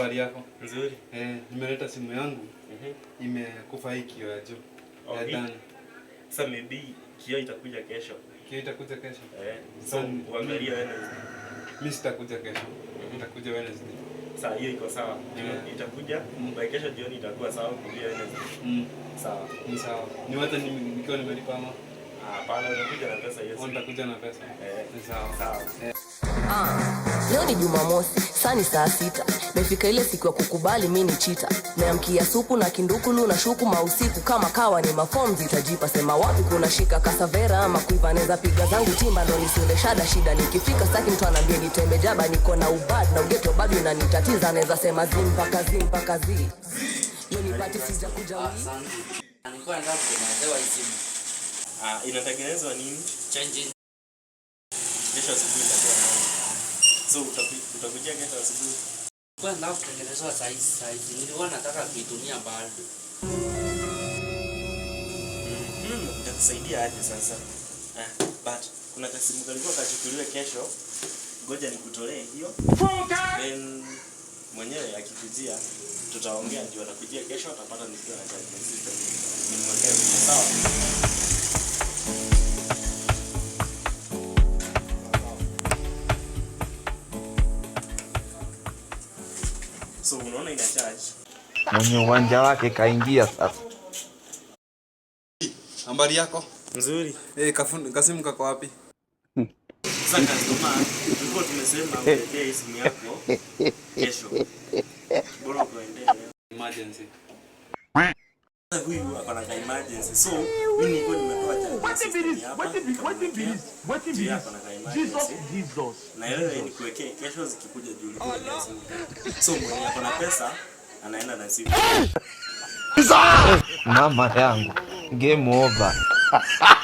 habari yako? Nzuri. Eh, nimeleta simu yangu. Mhm. Mm Imekufa hii kio ya juu. Oh, ya ndani. Sasa maybe kio itakuja kesho. Kio itakuja kesho. Eh. So uangalia wewe. Mimi sitakuja kesho. Mhm. Nitakuja Wednesday. Sasa hiyo iko sawa. Yeah. Itakuja mm. by kesho jioni itakuwa sawa kulia wewe. Mhm. Sawa. Ni sawa. Ni wata nikiwa nimelipa ama? Ah, Hapana, unakuja na pesa hiyo. Nitakuja na pesa. Eh. Ni sawa. Sawa. Eh. Ah, leo ni Jumamosi ni saa sita, mefika ile siku ya kukubali mi ni chita, meamkia supu na kindukulu na shuku mausiku, kama kawa ni mafom zitajipa, sema wapi kuna shika kasavera ama kuivaneza, piga zangu timba ndo nisule shada shida, nikifika staki mtu anaambia nitembe jaba, niko na ubad na ugeto bado inanitatiza, naweza sema zi mpaka zi mpaka zi yonipati sija kuja inatengenezwa nini? So utakujia kesho asubuhi. Kwa nao kutengenezwa saizi saizi, nilikuwa nataka kuitumia bado. Nitakusaidia mm-hmm. aje sasa? Eh, but kuna kasimu kalikuwa kachukuliwe kesho, ngoja nikutolee hiyo. Then mwenyewe akikujia tutaongea, ndio atakujia kesho, atapata nikiwa na charging system. So unaona ina charge. Mwenye uwanja wake kaingia sasa. Habari yako? Nzuri. Eh, kafundi Kasimu kako wapi? Sasa kama tulikuwa tumesema eh. uletee simu yako kesho. Bora kuendelea. Emergency huyu akona emergency. So mimi chanjo. What if it is? What if what if it is? What if it is? Jesus Jesus. Na yeye ni kuwekea kesho zikikuja juu. So mwenye pesa anaenda na simu. Mama yangu. Game over.